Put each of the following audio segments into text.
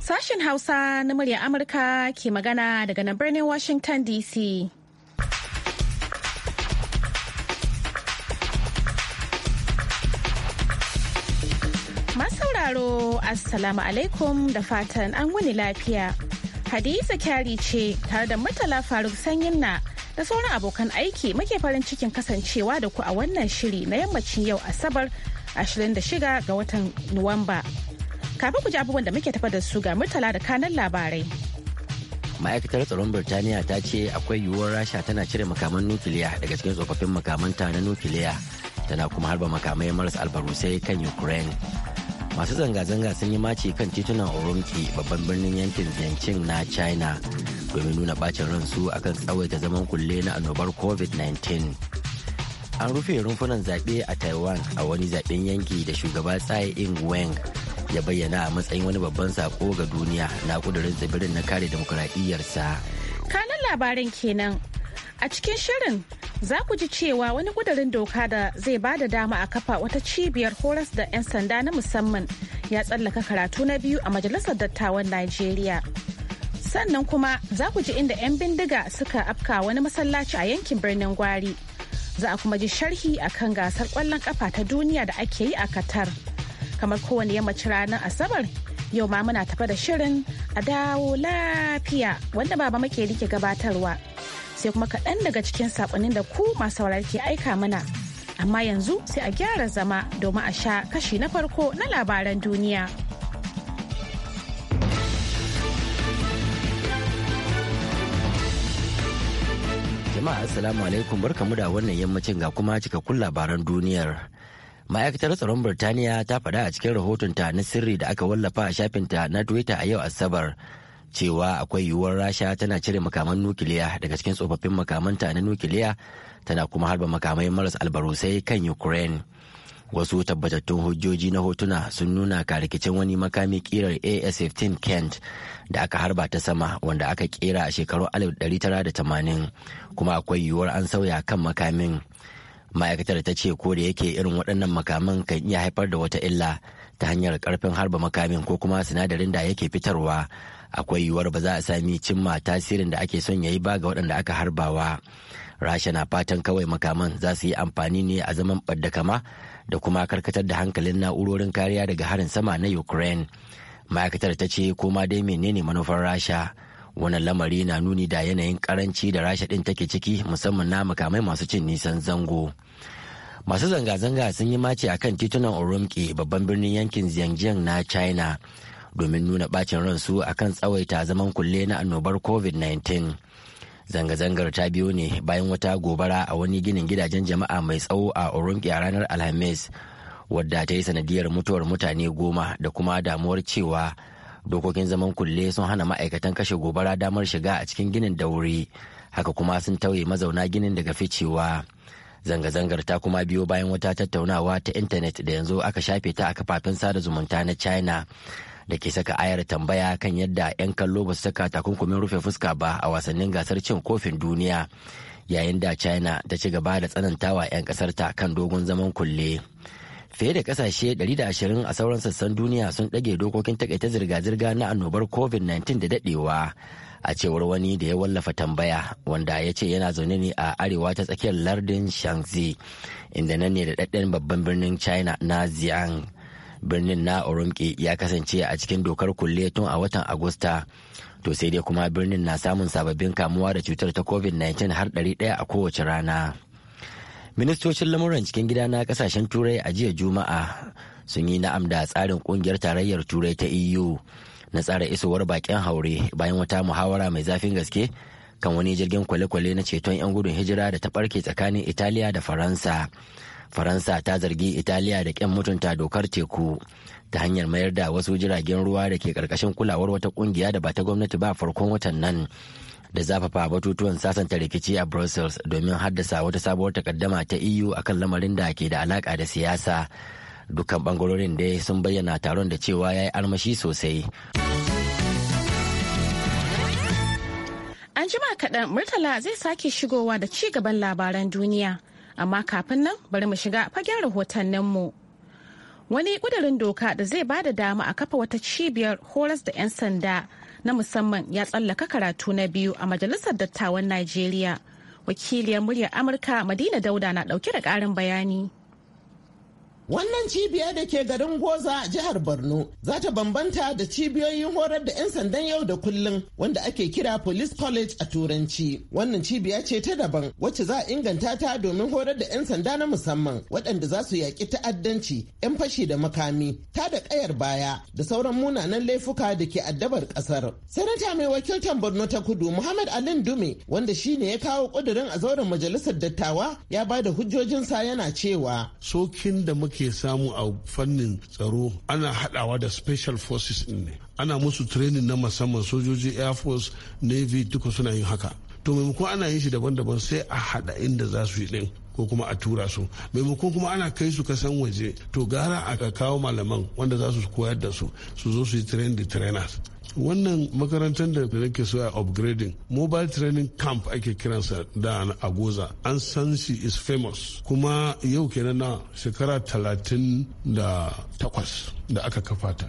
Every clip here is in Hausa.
Sashen Hausa na murya Amurka ke magana daga nan birnin Washington DC. Masauraro Assalamu alaikum da fatan an wuni lafiya. Hadiza kyari ce tare da Murtala Faruk Sanyin na da sauran abokan aiki muke farin cikin kasancewa da ku a wannan shiri na yammacin yau asabar 26 ga watan nuwamba kafin ku ji abubuwan da muke tafa da su ga murtala da kanan labarai ma'aikatar tsaron birtaniya ta ce akwai yiwuwar rasha tana cire makaman nukiliya daga cikin tsofaffin makamanta na nukiliya tana kuma harba makamai marasa albarusai kan ukraine masu zanga-zanga sun yi maci kan titunan urumqi babban birnin yankin zancin na china domin nuna bacin ransu akan tsawaita zaman kulle na annobar covid-19 an rufe rumfunan zaɓe a taiwan a wani zaɓen yanki da shugaba tsaye ing weng ya bayyana a matsayin wani babban sako ga duniya na kudurin tsibirin na kare demokuraɗiyyarsa kanan labaran kenan a cikin shirin za ku ji cewa wani kudurin doka da zai ba da dama a kafa wata cibiyar horas da 'yan sanda na musamman ya tsallaka karatu na biyu a majalisar dattawan najeriya sannan kuma za ku ji inda 'yan bindiga suka afka wani masallaci a yankin birnin gwari za a kuma ji sharhi a kan gasar kwallon kafa ta duniya da ake yi a katar kamar kowane yammacin ranar asabar yau ma muna tafa da shirin a dawo lafiya wanda baba muke rike gabatarwa sai kuma kaɗan daga cikin saƙonin da ku masu saurari ke aika mana amma yanzu sai a gyara zama domin a sha kashi na farko na labaran duniya. Jama'a Assalamu alaikum barkamu da wannan yammacin ga kuma cikakkun labaran duniyar. Ma'aikatar tsaron Birtaniya ta faɗa a cikin rahotonta na sirri da aka wallafa a shafinta na Twitter a yau Asabar cewa akwai yiwuwar Rasha tana cire makaman nukiliya daga cikin tsofaffin makamanta na nukiliya tana kuma harba makamai maras albarusai kan Ukraine. wasu tabbatattun hujjoji na hotuna sun nuna ka rikicin wani makami kirar as-15 kent da aka harba ta sama wanda aka kera a shekarun 1980 kuma akwai yiwuwar an sauya kan makamin ma'aikatar ta ce ko da yake irin waɗannan makaman kan iya haifar da wata illa ta hanyar karfin harba makamin ko kuma sinadarin da yake fitarwa akwai yiwuwar ba za a sami cimma tasirin da ake son ya yi ba ga waɗanda aka harbawa rasha na fatan kawai makaman za su yi amfani ne a zaman kama da kuma karkatar da hankalin na'urorin kariya daga harin sama na ukraine ma'aikatar ta ce koma dai menene manufar rasha wannan lamari na nuni da yanayin karanci da rasha din take ciki musamman na makamai masu cin nisan zango masu zanga-zanga sun yi mace a kan titunan urumqi babban birnin yankin xinjiang na china domin nuna bacin ransu a kan tsawaita zaman kulle na annobar covid-19 zanga-zangar ta biyo ne bayan wata gobara a wani ginin gidajen jama'a mai tsawo a Orunki a ranar alhamis wadda ta yi sanadiyar mutuwar mutane goma da kuma damuwar cewa dokokin zaman kulle sun hana ma'aikatan kashe gobara damar shiga a cikin ginin da wuri haka kuma sun tauye mazauna ginin daga ficewa zanga-zangar ta kuma biyo bayan wata tattaunawa ta intanet da yanzu aka shafe ta a kafafen sada zumunta na china da ke saka ayar tambaya kan yadda 'yan kallo ba su saka takunkumin rufe fuska ba a wasannin gasar cin kofin duniya yayin da china ta ci gaba da tsanantawa 'yan kasarta kan dogon zaman kulle fiye da kasashe 120 a sauran sassan duniya sun ɗage dokokin takaita zirga-zirga na annobar covid-19 da daɗewa a cewar wani da ya wallafa tambaya wanda ya ce yana zaune ne a arewa ta tsakiyar lardin shanxi inda nan ne da ɗaɗɗen babban birnin china na xi'an birnin na oromke ya kasance a cikin dokar kulle tun a watan agusta to sai dai kuma birnin na samun sababbin kamuwa da cutar ta covid-19 har 100 a kowace rana ministocin lamuran cikin gida na kasashen turai a jiya juma'a sun yi na'am da tsarin kungiyar tarayyar turai ta eu na tsara isowar bakin haure bayan wata muhawara mai zafin gaske kan wani jirgin kwale-kwale na ceton 'yan gudun hijira da ta barke tsakanin italiya da faransa faransa ta zargi italiya da ƙin mutunta dokar teku ta hanyar mayar da wasu jiragen ruwa da ke ƙarƙashin kulawar wata ƙungiya da ba ta gwamnati ba farkon watan nan da zafafa batutuwan sasanta rikici a brussels domin haddasa wata sabuwar takaddama ta eu akan lamarin da ke da alaka da siyasa dukkan bangarorin dai sun bayyana taron da cewa ya yi armashi sosai an jima kaɗan murtala zai sake shigowa da ci gaban labaran duniya amma kafin nan bari mu shiga fagen rahotanninmu. Wani kudirin doka da zai ba da dama a kafa wata cibiyar horas da 'yan sanda na musamman ya tsallaka karatu na biyu a Majalisar Dattawan Najeriya. Wakiliyar muryar Amurka Madina Dauda na ɗauke da ƙarin bayani. Wannan cibiya da ke garin Goza jihar Borno za ta bambanta da cibiyoyin horar da 'yan sandan yau da kullum wanda ake kira Police College a Turanci. Wannan cibiya ce ta daban wacce za a inganta ta domin horar da 'yan sanda na musamman waɗanda za su yaƙi ta'addanci, 'yan fashi da makami, ta da ƙayar baya da sauran munanan laifuka da ke addabar ƙasar. Sanata mai wakiltan Borno ta Kudu Muhammad Alin Dume wanda shi ne ya kawo ƙudurin a zauren majalisar dattawa ya ba da hujjojinsa yana cewa. Sokin da mu muke samu a fannin tsaro ana hadawa da special forces ne ana musu training na musamman sojoji air force navy duka suna yin haka to maimakon ana yin shi daban-daban sai a haɗa inda za su yi ɗin ko kuma a tura su maimakon kuma ana kai su kasan waje to gara a kawo malaman wanda za su koyar da su su zo su yi train the trainers wannan makarantar da nake so a upgrading mobile training camp ake kiransa da a goza an san shi is famous kuma yau kenan na shekara talatin da takwas da aka kafa ta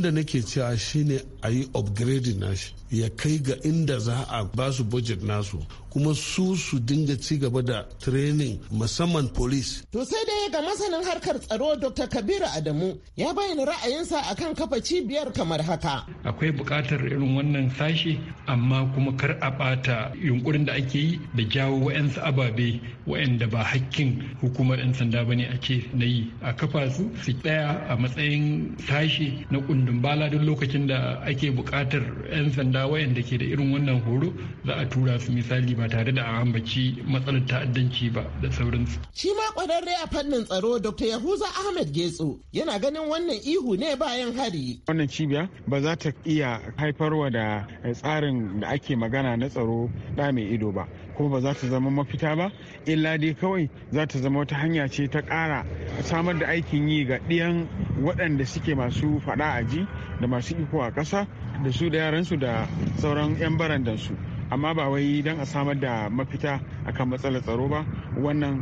da nake cewa shine a yi upgrading nashi ya kai ga inda za a basu su budget nasu kuma su su dinga ci gaba da training musamman police. To sai dai ga masanin harkar tsaro Dr. Kabiru Adamu ya bayyana ra'ayinsa akan kafa cibiyar kamar haka. Akwai buƙatar irin wannan sashi amma kuma kar a ɓata yunkurin da ake yi da jawo wa'yansu ababe wa'yanda ba hakkin hukumar 'yan sanda ba ne a ce na yi a kafa su su tsaya a matsayin sashi na kundin bala duk lokacin da ake buƙatar 'yan sanda wa'yanda ke da irin wannan horo za a tura su misali ba tare da ambaci matsalar ta'addanci ba da sauransu. Shi ma kwararre a fannin tsaro Dr. Yahuza Ahmed Getso yana ganin wannan ihu ne bayan hari. Wannan cibiya ba za ta iya haifarwa da tsarin da ake magana na tsaro da mai ido ba. kuma ba za ta zama mafita ba illa dai kawai za ta zama wata hanya ce ta ƙara samar da aikin yi ga ɗiyan waɗanda suke masu faɗa a ji da masu iko a ƙasa da su da yaransu da sauran 'yan barandansu amma ba wai don a samar da mafita akan matsalar tsaro ba wannan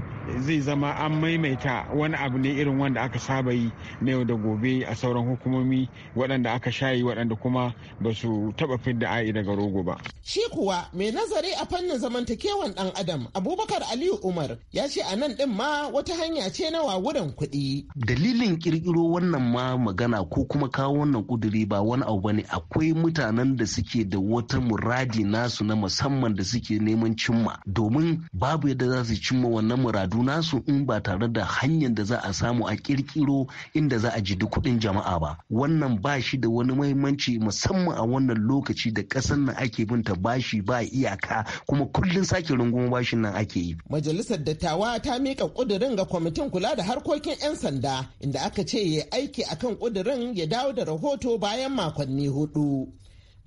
zai zama an maimaita wani abu ne irin wanda aka saba yi na yau da gobe a sauran hukumomi waɗanda aka shayi waɗanda kuma ba su taɓa fidda a'i daga rogo ba. Shi kuwa mai nazari a fannin zamantakewan ɗan adam Abubakar Aliyu Umar ya ce a nan ɗin ma wata hanya ce na wawuran kuɗi. Dalilin ƙirƙiro wannan ma magana ko kuma kawo wannan ƙuduri ba wani abu bane akwai mutanen da suke da wata muradi nasu na musamman da suke neman cimma domin babu yadda za su cimma wannan muradu nasu in ba tare da hanyar da za a samu a kirkiro inda za a ji da kuɗin jama'a ba wannan ba shi da wani muhimmanci musamman a wannan lokaci da ƙasar nan ake binta bashi ba iyaka kuma kullum sake rungumar bashin nan ake yi majalisar dattawa ta mika ƙudurin ga kwamitin kula da harkokin 'yan sanda inda aka ce ya aiki akan ƙudurin ya dawo da rahoto bayan makonni hudu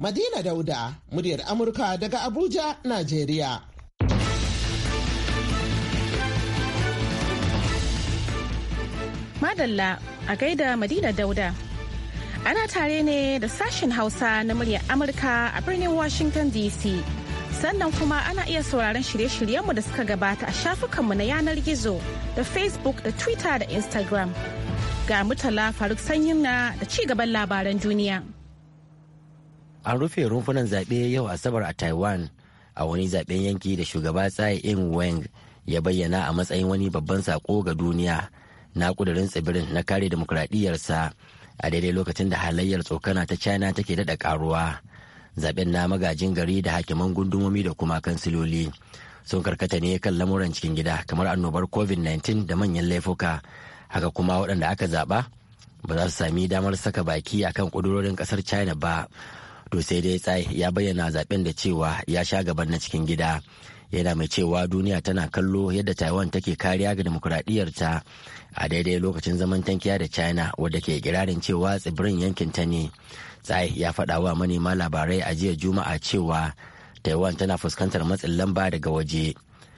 Madina Dauda, muryar Amurka daga Abuja, Najeriya. Madalla a gaida Madina Dauda. Ana tare ne da sashen Hausa na muryar Amurka a birnin Washington DC. Sannan kuma ana iya sauraron shirye-shiryenmu da suka gabata a shafukanmu na yanar gizo da Facebook da Twitter da Instagram. Ga mutala Faruk Sanyin na da ci gaban labaran duniya. an rufe rumfunan zaɓe yau asabar a taiwan a wani zaɓen yanki da shugaba tsaye in weng ya bayyana a matsayin wani babban sako ga duniya na kudurin tsibirin na kare demokuraɗiyyarsa a daidai lokacin da halayyar tsokana ta china take daɗa ƙaruwa zaɓen na magajin gari da hakiman gundumomi da kuma kansiloli sun karkata ne kan lamuran cikin gida kamar annobar covid-19 da manyan laifuka haka kuma waɗanda aka zaɓa ba za su sami damar saka baki akan kudurorin ƙasar china ba to sai dai tsaye ya bayyana zaben da cewa ya sha gaban na cikin gida yana mai cewa duniya tana kallo yadda taiwan take kariya ga demokuraɗiyarta a daidai lokacin zaman tankiya da china wadda ke kirarin cewa tsibirin yankin ta ne tsaye ya faɗa wa manema labarai a jiya juma'a cewa taiwan tana fuskantar matsin lamba daga waje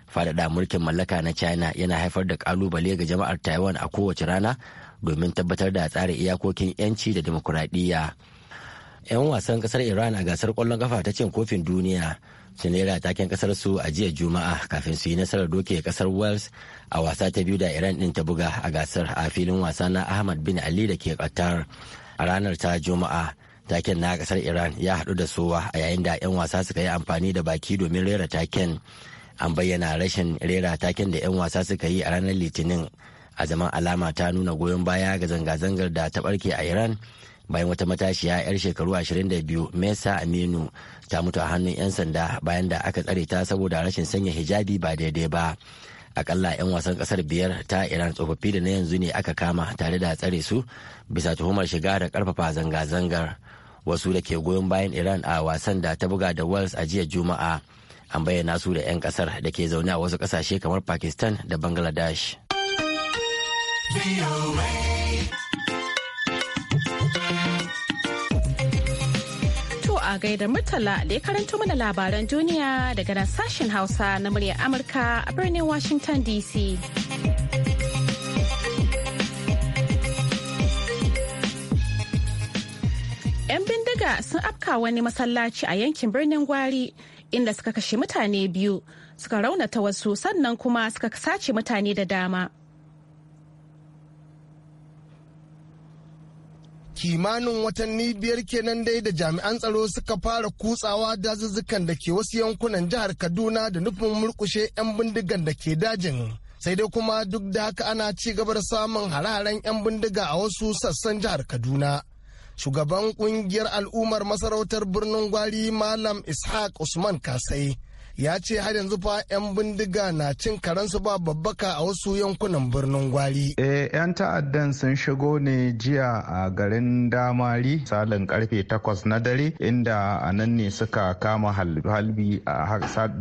faɗaɗa mulkin mallaka na china yana haifar da ƙalubale ga jama'ar taiwan a kowace rana domin tabbatar da tsara iyakokin 'yanci da demokuraɗiyya 'yan wasan kasar iran a gasar kwallon kafa ta cin kofin duniya sun rera taken kasar su a jiya juma'a kafin su yi nasarar doke kasar wales a wasa ta biyu da iran din ta buga a gasar a filin wasa na ahmad bin ali da ke katar a ranar ta juma'a taken na kasar iran ya hadu da sowa a yayin da 'yan wasa suka yi amfani da baki domin rera taken an bayyana rashin rera taken da 'yan wasa suka yi a ranar litinin a zaman alama ta nuna goyon baya ga zanga-zangar da ta barke a iran bayan wata matashiya 'yar shekaru 22 mesa aminu ta mutu a hannun 'yan sanda bayan da aka tsare ta saboda rashin sanya hijabi ba daidai ba akalla 'yan wasan kasar biyar ta iran tsofaffi da na yanzu ne aka kama tare da tsare su bisa tuhumar shiga da karfafa zanga-zangar wasu da ke goyon bayan iran a wasan da ta buga da wales a jiya juma'a an bayyana su da 'yan kasar da ke zaune a wasu kasashe kamar pakistan da bangladesh a gaida Murtala da ya karanto mana labaran duniya daga nan sashen Hausa na murya Amurka a birnin Washington DC. ‘Yan bindiga sun afka wani masallaci a yankin birnin Gwari inda suka kashe mutane biyu, suka raunata wasu sannan kuma suka sace mutane da dama. kimanin watanni biyar kenan dai da jami'an tsaro suka fara kutsawa dazuzzukan da ke wasu yankunan jihar kaduna da nufin murkushe 'yan bindigan da ke dajin sai dai kuma duk da haka ana ci gaba samun hararen 'yan bindiga a wasu sassan jihar kaduna shugaban kungiyar al'ummar masarautar birnin gwari malam ishaq usman kasai ya ce har yanzu fa 'yan bindiga na cin karansu ba babbaka a wasu yankunan birnin gwari. Eh 'yan ta'addan sun shigo ne jiya a garin damari salin karfe takwas na dare inda a nan ne suka kama halbi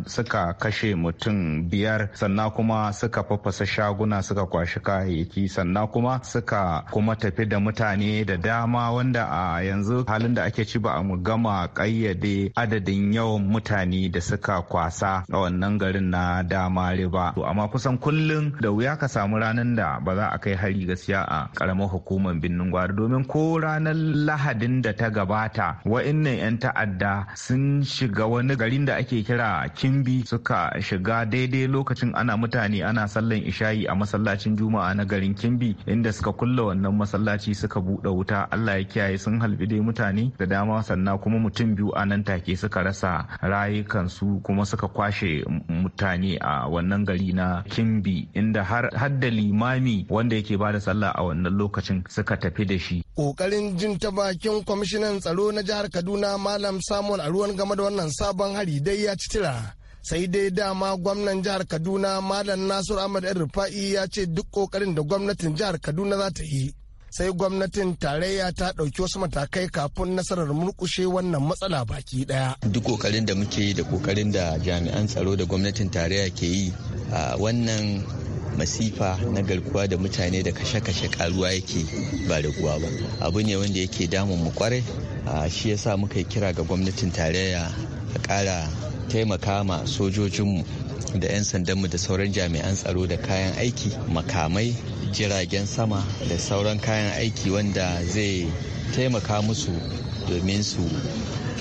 suka kashe mutum biyar sannan kuma suka fafasa shaguna suka kwashi kayayyaki sannan kuma suka kuma tafi da mutane da dama wanda a yanzu halin da ake ci ba a mu gama kayyade adadin yawan mutane da suka kwa wasa a wannan garin na dama riba to amma kusan kullum da wuya ka samu ranar da ba za a kai hari gaskiya a karamar hukumar birnin gwari domin ko ranar lahadin da ta gabata wa'innan 'yan ta'adda sun shiga wani garin da ake kira kimbi suka shiga daidai lokacin ana mutane ana sallan ishayi a masallacin juma'a na garin kimbi inda suka kulla wannan masallaci suka buɗe wuta allah ya kiyaye sun halbi dai mutane da dama sannan kuma mutum biyu a nan take suka rasa rayukansu kuma suka kwashe mutane a wannan gari na kimbi inda har da limami wanda yake ba da sallah a wannan lokacin suka tafi da shi kokarin jin ta bakin kwamishinan tsaro na jihar kaduna malam samuel aruwan game da wannan sabon hari dai ya ci tira sai dai dama gwamnan jihar kaduna malam nasiru ahmad rufa'i ya ce duk kokarin da gwamnatin jihar kaduna za ta yi sai gwamnatin tarayya ta ɗauki wasu matakai kafin nasarar murkushe wannan matsala baki ɗaya. Duk kokarin da muke yi da kokarin da jami'an tsaro da gwamnatin tarayya ke yi a wannan masifa na garkuwa da mutane da kashe-kashe karuwa yake ba da kuwa ba abu ne wanda yake damun mu kwarai shi yasa muka yi kira ga gwamnatin tarayya a ƙara taimaka ma sojojinmu da 'yan sandanmu da sauran jami'an tsaro da kayan aiki makamai jiragen sama da sauran kayan aiki wanda zai taimaka musu domin su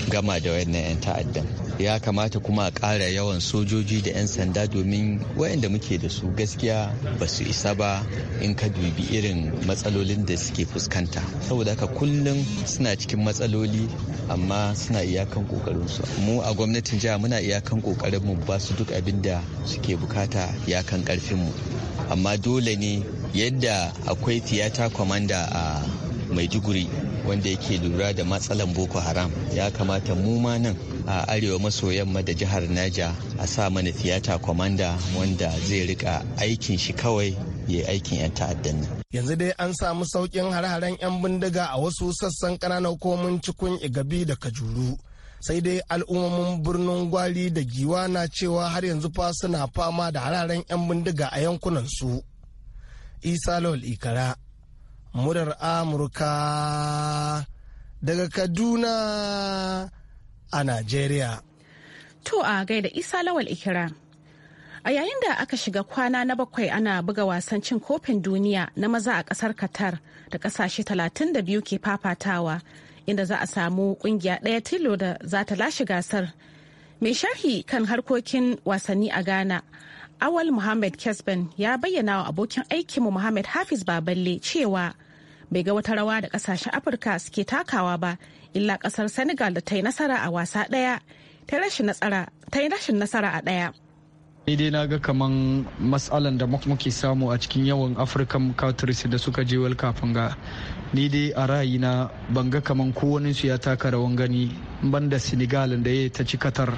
gama da wannan 'yan ta'addan ya kamata kuma a ƙara yawan sojoji da 'yan sanda domin wayanda muke da su gaskiya ba su isa ba in ka dubi irin matsalolin da suke fuskanta saboda haka kullum suna cikin matsaloli amma suna iyakan kokarin su mu a gwamnatin jiha muna iyakan kokarin mu ba su duk abin da suke bukata iyakan karfin mu amma dole ne yadda akwai tiyata kwamanda a maiduguri wanda yake lura da matsalan boko haram ya kamata mu ma nan a arewa maso yamma da jihar Naja a sa mana tiyata kwamanda wanda zai rika aikin shi kawai ya yi aikin 'yan ta'addan nan. Yanzu dai an samu sauƙin har haren 'yan bindiga a wasu sassan ƙananan komin cikin igabi da kajuru. Sai dai al'ummomin birnin gwari da giwa na cewa har yanzu fa suna fama da har-haren 'yan bindiga a yankunan su. Isa Lawal Ikara, murar Amurka daga Kaduna. a Najeriya. To a gaida Isa Lawal Ikira. A yayin da aka shiga kwana na bakwai ana buga wasan cin kofin duniya na maza a kasar Qatar da kasashe 32 ke fafatawa inda za a samu ƙungiya ɗaya tilo da za ta lashe gasar. Mai sharhi kan harkokin wasanni a Ghana, Awal Muhammad Kesben ya bayyana wa abokin aikinmu Muhammad Hafiz Baballe cewa bai ga wata rawa da kasashen afirka suke takawa ba illa kasar senegal da ta yi nasara a wasa daya ta yi rashin nasara a daya ni dai na ga kaman matsalan da muke samu a cikin yawan african countries da suka je world cup ga ni dai a ra'ayina ban ga kaman kowanin su ya taka rawan gani ban da senegal da ya ta ci katar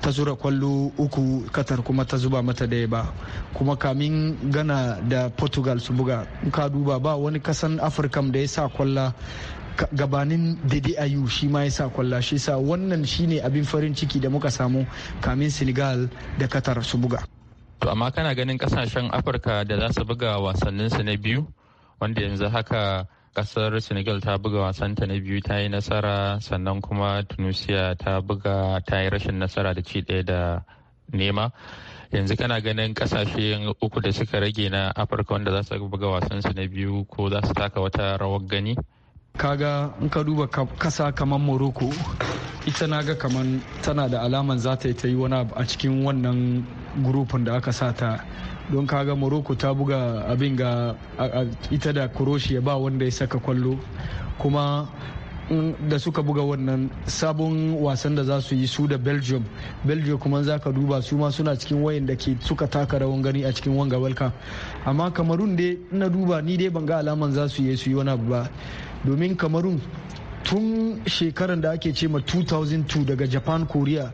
ta zura kwallo uku katar kuma ta zuba mata daya ba kuma kamin gana da portugal su buga ka duba ba wani kasan afirka da ya sa kwalla gabanin dede ayu shi ma ya sa kwalla shi sa wannan shine abin farin ciki da muka samu kamin senegal da katar su buga to amma kana ganin kasashen afirka da za su buga wasanninsu na biyu wanda yanzu haka kasar senegal ta buga wasanta na biyu ta yi nasara sannan kuma tunisia ta buga ta yi rashin nasara da ci ɗaya da nema yanzu kana ganin kasashe uku da suka rage na afirka wanda za su buga wasansu na biyu ko za su taka wata rawar gani kaga in ka duba kasa kamar morocco ita naga kamar tana da alaman za ta yi ta yi wani a cikin wannan gurufin da aka sa ta don kaga morocco ta buga abin ga ita da croatia ba wanda ya saka kwallo kuma da suka buga wannan sabon wasan da za su yi su da belgium belgium kuma za ka duba su ma suna cikin wayan da ke suka taka rawan gani a cikin wanga walka amma kamarun dai na duba ni dai ban ga alaman za su yi su yi wani abu ba domin kamarun tun shekarar da ake ce ma 2002 daga japan korea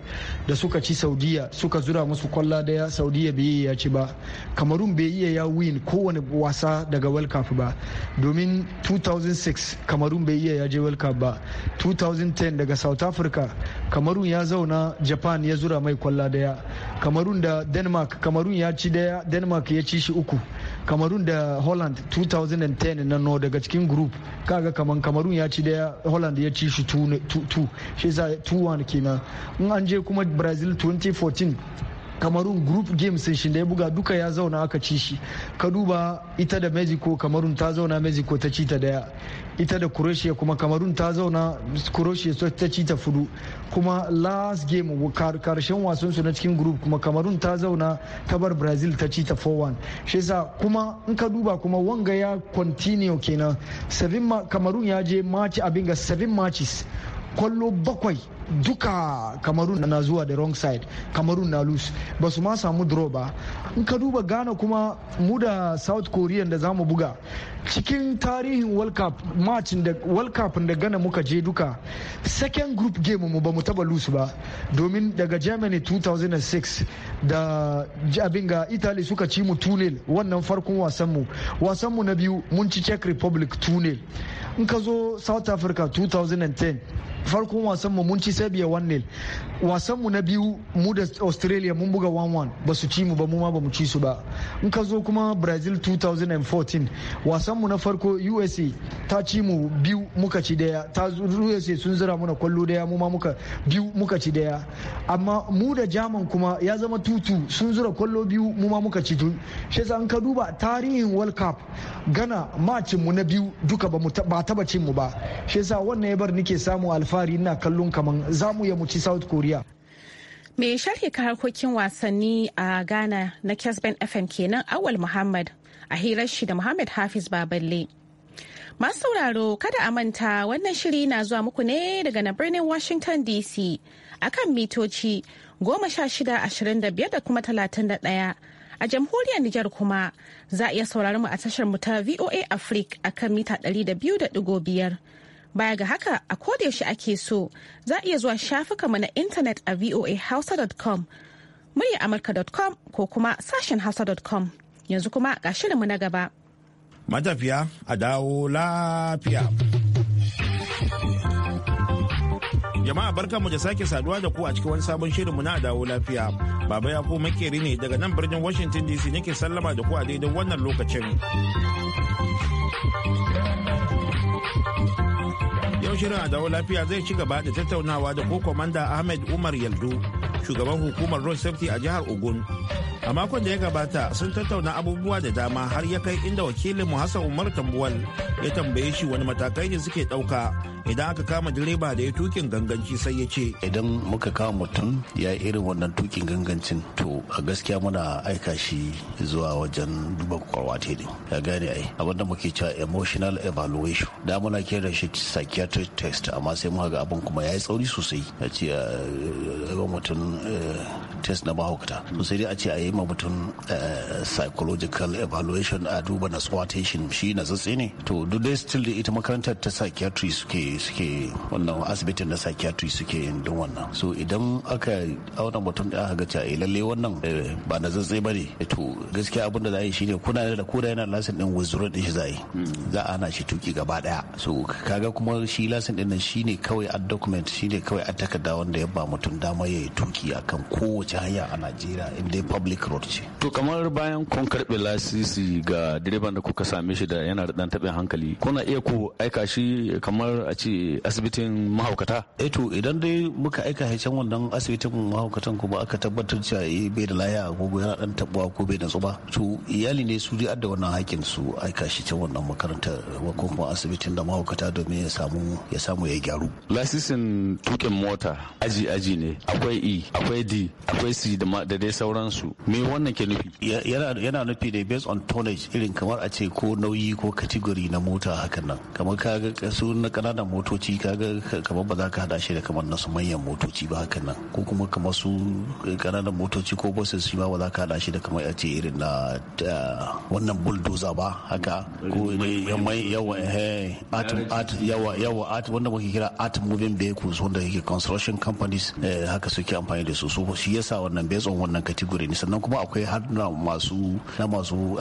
da suka ci saudiya suka zura musu kwalla daya saudiya bai ya ci ba kamarun bai iya ya win kowane wasa daga world cup ba domin 2006 kamarun bai iya ya je world cup ba 2010 daga south africa kamarun ya zauna japan ya zura mai kwalla daya kamarun da denmark kamarun ya ci daya denmark ya ci shi uku kamarun da holland 2010 na no daga cikin group kaga kaman kamarun ya ci da holland ya ci shi 2 shi 2-1 kenan in an je kuma brazil 2014 kamarun group games shi da ya buga duka ya zauna aka ci shi ka duba ita da mexico kamarun ta zauna mexico ta ci ta daya ita da croatia kuma kamarun ta zauna croatia ta ci ta fudu kuma last game karshen wasan su na cikin group kuma kamarun ta zauna ta bar brazil ta ci ta 4-1 shi yasa kuma in ka duba kuma wanga ya continue kenan seven kamarun ya je match abin ga seven matches kwallo bakwai duka kamarun na zuwa da wrong side kamarun na loose ba su ma samu draw ba in ka duba gana kuma mu da south korean da zamu buga cikin tarihin world cup matchin da world cup da gana muka je duka second group game mu ba mu taba loose ba domin daga germany 2006 da abin ga italy suka ci mu tunel wannan farkon wasan mu wasan mu na biyu mun ci czech republic tunel in ka zo south africa 2010 farkon wasan mu mun ci serbia 1-0 wasan mu na biyu mu da australia mun buga 1-1 ba su ci mu ba mu ma ba mu ci su ba in ka zo kuma brazil 2014 wasan mu na farko usa ta ci mu biyu muka ci daya ta usa sun zira muna kwallo daya mu ma muka biyu muka ci daya amma mu da jaman kuma ya zama tutu sun zura kwallo biyu mu ma muka ci tun shi an ka duba tarihin world cup gana macin mu na biyu duka ba taba cin mu ba shi yasa wannan ya bar nike samu alfa alfahari ina kallon kaman za mu ya muci south korea mai sharhi ka harkokin wasanni a ghana na kesben fm kenan awal muhammad a hirar shi da muhammad hafiz baballe masu sauraro kada a manta wannan shiri na zuwa muku ne daga na birnin washington dc akan mitoci goma sha shida ashirin da biyar da kuma talatin da daya a jamhuriyar Nijar kuma za a iya sauraron mu a tashar mu ta VOA Africa akan mita 200.5 Baya ga haka a kodayaushe ake so za a iya zuwa shafukanmu na intanet a voahausa.com, muryaamurka.com ko kuma sashen hausa.com. Yanzu kuma ga shirinmu na gaba. Matafiya a dawo lafiya. Jama'a barkanmu da sake saduwa da ku a cikin wani sabon shirinmu na dawo lafiya. Baba ya ku makeri ne daga nan birnin Washington DC nake sallama da ku a daidai wannan lokacin. yau shirin a dawo lafiya zai ci gaba da tattaunawa da ko komanda ahmed umar yaldu shugaban hukumar road safety a jihar ogun a makon da ya gabata sun tattauna abubuwa da dama har ya kai inda wakilin mu hassan umar tambuwal ya tambaye shi wani matakai ne suke ɗauka idan aka kama direba da ya tukin ganganci sai ya ce idan muka kama mutum ya yi irin wannan tukin gangancin to a gaskiya muna aika shi zuwa wajen duba kwarwa ta ne ya gane ai abin da muke cewa emotional evaluation da muna kira shi psychiatric test amma sai muka ga abin kuma ya yi tsauri sosai a ce eh, a mutum eh, test na mahaukata to sai dai a ce a yi ma mutum eh, psychological evaluation a duba na swattation shi na zatsi ne to duk dai still ita makarantar ta psychiatry suke suke suke wannan asibitin na psychiatry suke yin don wannan so idan aka auna mutum da aka ga a eh, lalle wannan eh, ba na zazzai ba ne eh, to gaskiya abin da za a yi shine kuna da koda yana lasin din wuzuru din shi za yi za a hana shi tuki gaba daya so kaga kuma shi lasin din nan shine kawai a document shine kawai a takarda wanda ya ba mutum dama ya yi tuki akan kowace hanya a Najeriya in dai public road ce to kamar bayan kun karbe lasisi ga direban da kuka same shi da yana da dan taɓin hankali kuna iya ku aika shi kamar a ce asibitin mahaukata eh to idan dai muka aika haicen wannan asibitin mahaukatan kuma aka tabbatar cewa eh bai da laya ko yana dan tabuwa ko bai da tsuba to iyali ne su dai adda wannan hakin su aika shi can wannan makarantar ko kuma asibitin da mahaukata domin ya samu ya samu ya gyaru lasisin tukin mota aji aji ne akwai e akwai d akwai c da dai sauransu me wannan ke nufi yana nufi ne based on tonnage irin kamar a ce ko nauyi ko category na mota hakan nan kamar ka ga su na kananan motoci kaga kamar ba za ka hada shi da kamar nasu manyan motoci ba haka nan ko kuma kamar su kananan eh, motoci ko buses shi ba ba za ka hada shi da kamar yace irin na eh, wannan bulldozer ba haka ko mai yawa eh, at at yawa yawa at wanda muke kira art moving vehicles wanda yake construction companies haka suke amfani da su so shi yasa wannan based on wannan category ne sannan kuma akwai har na masu na masu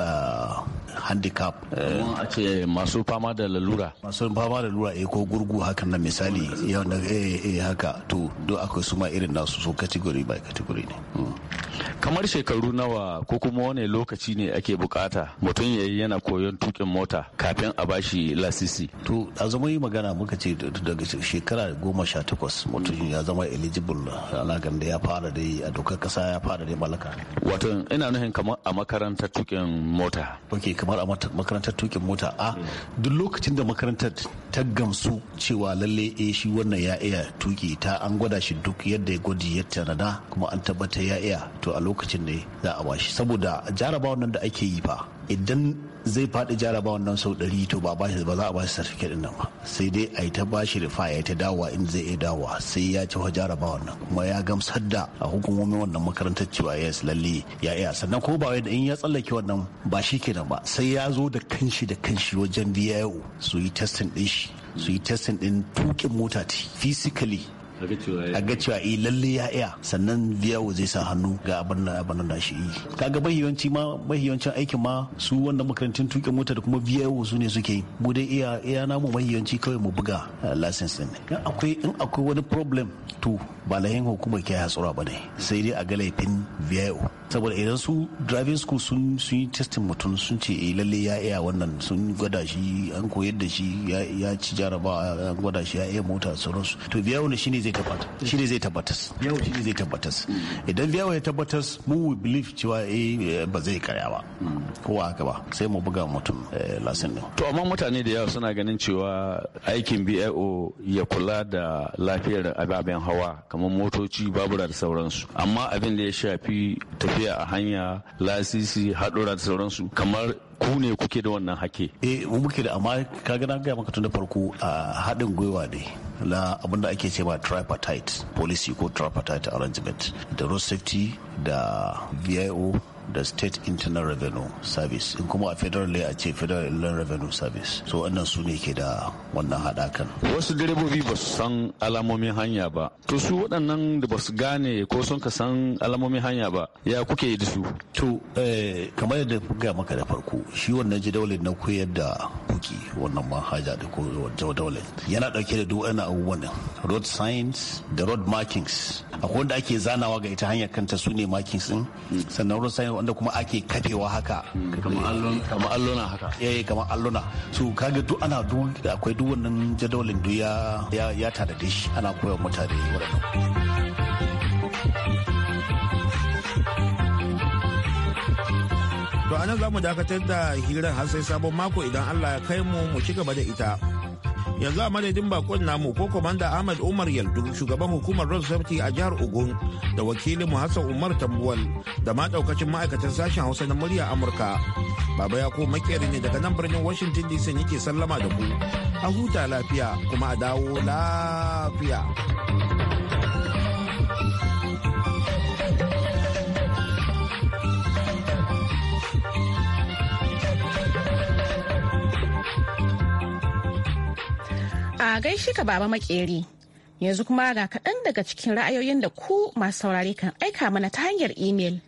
handicap a ce masu fama da lalura masu fama da lalura eh ko gurgu hakan na misali yau na eh, eh, haka to do akwai suma irin nasu so category by category ne hmm. kamar shekaru nawa ko kuma wani lokaci ne ake bukata mutum ya yi yana koyon tukin mota kafin a bashi lasisi to a zama yi magana muka ce daga shekara goma sha takwas mutum ya zama eligible alagan da ya fara da a dokar kasa ya fara da malaka wato ina nuhin kamar a makarantar tukin mota ok kamar a makarantar tukin mota a duk lokacin da makarantar ta gamsu cewa lalle eh shi wannan ya iya tuki ta an gwada shi duk yadda ya gwaji ya tanada kuma an tabbatar ya iya to a lokacin ne za a bashi saboda jarabawan nan da ake yi fa idan zai faɗi jarabawan nan sau ɗari to ba bashi ba za a bashi certificate nan ba sai dai a yi ta bashi rufa ya ta dawa in zai iya dawa sai ya ci jaraba nan kuma ya gamsar da a hukumomin wannan makarantar cewa ya lalle ya iya sannan ko ba wai in ya tsallake wannan ba shi nan ba sai ya zo da kanshi da kanshi wajen yau su yi testin ɗin shi su yi testin din tuƙin mota physically a ga cewa eh lalle ya iya sannan yawo zai sa hannu ga abin da abin da shi yi kaga mahiyanci ma mahiyancin aikin ma su wanda makarantun tuƙin mota da kuma yawo su ne suke mu dai iya iya namu mahiyanci kawai mu buga eh, license din in akwai in akwai wani problem to ba lahin hukumar ke hatsura ba ne sai dai a ga laifin VIO saboda idan su driving school sun yi testing mutum sun ce eh lalle ya iya wannan sun gwada shi an koyar da shi ya ci jarabawa an gwada shi ya iya mota sauransu to VIO ne shine zai zai tabbata shi ne zai tabbatas yau shi ne zai tabbatas idan yawo ya tabbatas mu we believe cewa eh ba zai karya ba ko haka ba sai mu buga mutum eh, lasin din to amma mutane da yawa suna ganin cewa aikin BIO ya kula da lafiyar ababen hawa kamar motoci babura da sauransu amma abin da ya shafi tafiya a hanya lasisi hadura da sauransu kamar ku ne kuke da wannan hake eh muke da amma kaga na ga maka tun da farko a haɗin gwiwa ne na abin da ake cewa tripartite policy ko tripartite arrangement da road safety da vio da state internal revenue service in kuma a federal a ce federal inland revenue service so wannan su ne ke da wannan haɗakan wasu direbobi ba su san alamomin hanya ba to su waɗannan da ba su gane ko sun ka san alamomin hanya ba ya kuke yi da su to eh, kamar yadda ga maka da farko shi wannan jadawalin na koyar da kuki wannan manhaja da ko jadawalin yana ɗauke da duk wani abubuwan road signs da road markings akwai wanda ake zanawa ga ita hanyar kanta su ne markings din mm. sannan road signs wanda kuma ake kafewa haka kamar alluna haka eh kamar alluna so kaga duk ana duk akwai duk wannan jadawalin duk ya ya da shi ana koyar mutane waɗannan To anan za dakatar da hirar har sai sabon mako idan Allah ya kai mu mu ci gaba da ita. yanzu a madadin bakon namu ko komanda ahmad umar yaldu shugaban hukumar ross safety a jihar ogun da wakilin mu hassan umar tambuwal da ma daukacin ma'aikatan sashen hausa na murya amurka baba ya ko makeri ne daga nan birnin washington dc yake sallama da ku a huta lafiya kuma a dawo lafiya A gaishe ka baba makeri. Yanzu kuma ga kaɗan daga cikin ra'ayoyin da ku masu saurare kan aika mana ta hanyar imel.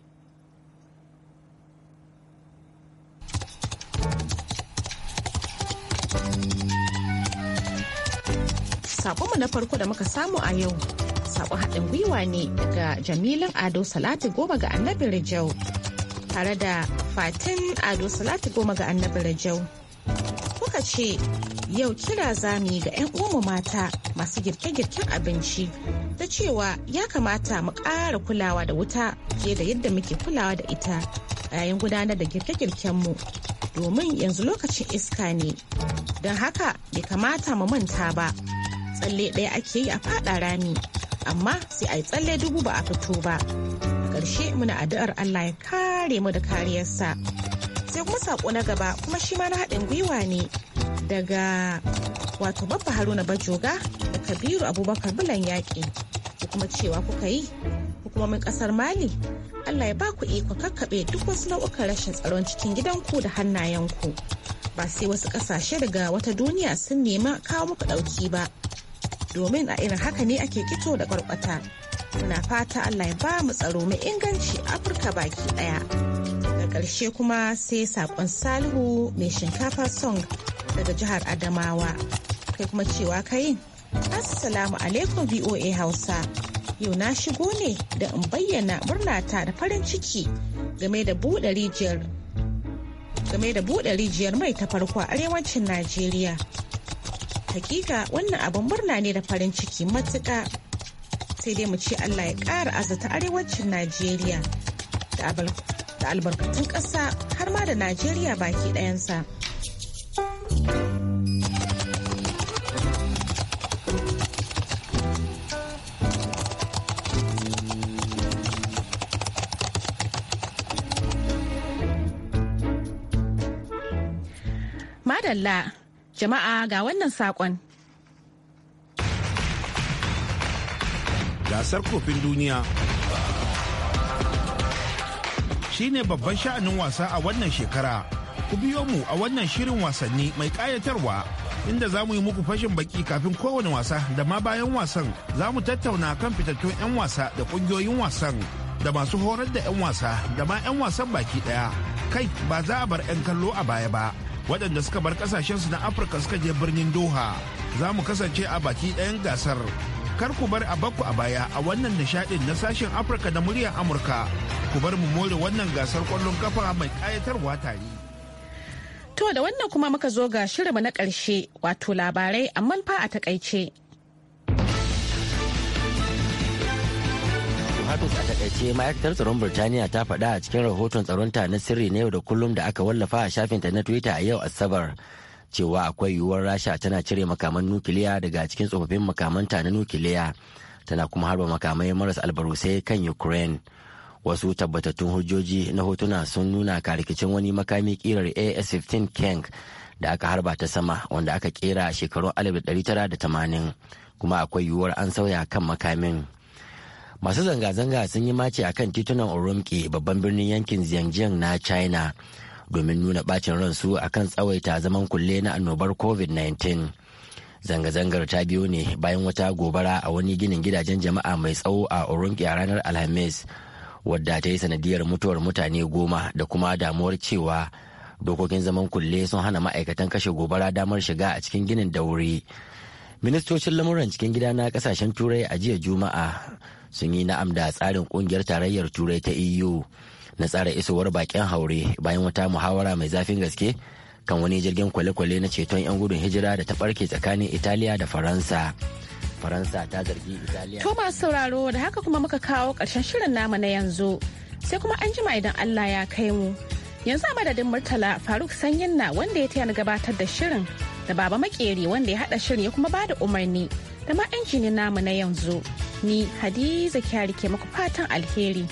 mu na farko da muka samu a yau sabon haɗin gwiwa ne daga jamilin ado salatu goma ga annabi rajau tare da fatin ado salatu goma ga annabi rajau suka ce yau kira zami ga 'yan uwanmu mata masu girke-girken abinci ta cewa ya kamata mu ƙara kulawa da wuta fiye da yadda muke kulawa da ita a yayin gudanar da girke-girkenmu domin yanzu lokacin iska ne don haka bai kamata mu manta ba tsalle ɗaya ake yi a faɗa rami amma sai a yi tsalle dubu ba a fito ba a ƙarshe muna addu'ar allah ya kare mu da kariyarsa sai kuma saƙo na gaba kuma shi ma na haɗin gwiwa ne daga wato babba haruna bajoga da kabiru abubakar bulan yaƙi ko kuma cewa kuka yi hukumomin ƙasar mali allah ya ba ku iko kakkaɓe duk wasu nau'ukan rashin tsaron cikin gidanku da hannayenku ba sai wasu ƙasashe daga wata duniya sun nema kawo muku ɗauki ba domin a irin haka ne ake kito da ƙwarƙwata muna fata allah ya ba mu tsaro mai inganci afirka baki ɗaya da ƙarshe kuma sai saƙon salihu mai shinkafa song daga jihar Adamawa. Kai kuma cewa kai Assalamu alaikum VOA Hausa. Yau na shigo ne da in bayyana murnata da farin ciki game da buɗe rijiyar game da buɗe rijiyar mai ta farko a arewacin Najeriya. Hakika wannan abin murna ne da farin ciki matuƙa. Sai dai mu ce Allah ya ƙara azata arewacin Najeriya da albarkatun ƙasa har ma da Najeriya baki ɗayansa. Madalla jama'a ga wannan saƙon. Gasar kofin duniya shi ne babban sha'anin wasa a wannan shekara ku biyo mu a wannan shirin wasanni mai ƙayatarwa inda za mu yi muku fashin baki kafin kowane wasa da ma bayan wasan za mu tattauna kan fitattun 'yan wasa da ƙungiyoyin wasan da masu horar da 'yan wasa da ma 'yan wasan baki ɗaya kai ba za a bar 'yan kallo a baya ba waɗanda suka bar su na afirka suka je birnin doha za mu kasance a baki ɗayan gasar kar ku bar a bakku a baya a wannan nishaɗin na sashen afirka da muryar amurka ku bar mu more wannan gasar kwallon kafa mai ƙayatarwa tare To da wannan kuma muka zo ga shirinmu na ƙarshe wato labarai amma fa a takaice. Hafiz a takaice ma'aikatar tsaron Birtaniya ta faɗa a cikin rahoton tsaronta na sirri na yau da kullum da aka wallafa a shafinta na Twitter a yau Asabar cewa akwai yiwuwar Rasha tana cire makaman nukiliya daga cikin tsofaffin makamanta na nukiliya tana kuma harba makamai maras albarusai kan Ukraine. wasu tabbatattun hujjoji na hotuna sun nuna ka rikicin wani makami kirar as-15 keng da aka harba ta sama wanda aka kera shekarun 1980 kuma akwai yiwuwar an sauya kan makamin masu zanga-zanga sun yi mace a kan titunan urumqi babban birnin yankin Xinjiang na china domin nuna bacin ransu a kan tsawaita zaman kulle na annobar covid-19 zanga-zangar ta biyo ne bayan wata gobara a wani ginin gidajen jama'a mai tsawo a urumqi a ranar alhamis wadda ta yi sanadiyar mutuwar mutane goma da kuma damuwar cewa dokokin zaman kulle sun hana ma'aikatan kashe gobara damar shiga a cikin ginin da wuri ministocin lamuran cikin gida na kasashen turai a jiya juma'a sun yi na'am da tsarin kungiyar tarayyar turai ta eu na tsara isowar bakin haure bayan wata muhawara mai zafin gaske kan wani jirgin kwale-kwale na ceton 'yan gudun hijira da ta barke tsakanin italiya da faransa faransa ta zargi italiya to masu sauraro da haka kuma muka kawo ƙarshen shirin namu na yanzu sai kuma an jima idan allah ya kai mu yanzu a madadin murtala faruk sanyin na wanda ya taya gabatar da shirin da baba makeri wanda ya haɗa shirin ya kuma ba da umarni da ma injinin namu na yanzu ni hadiza kyari ke muku fatan alheri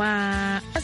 ma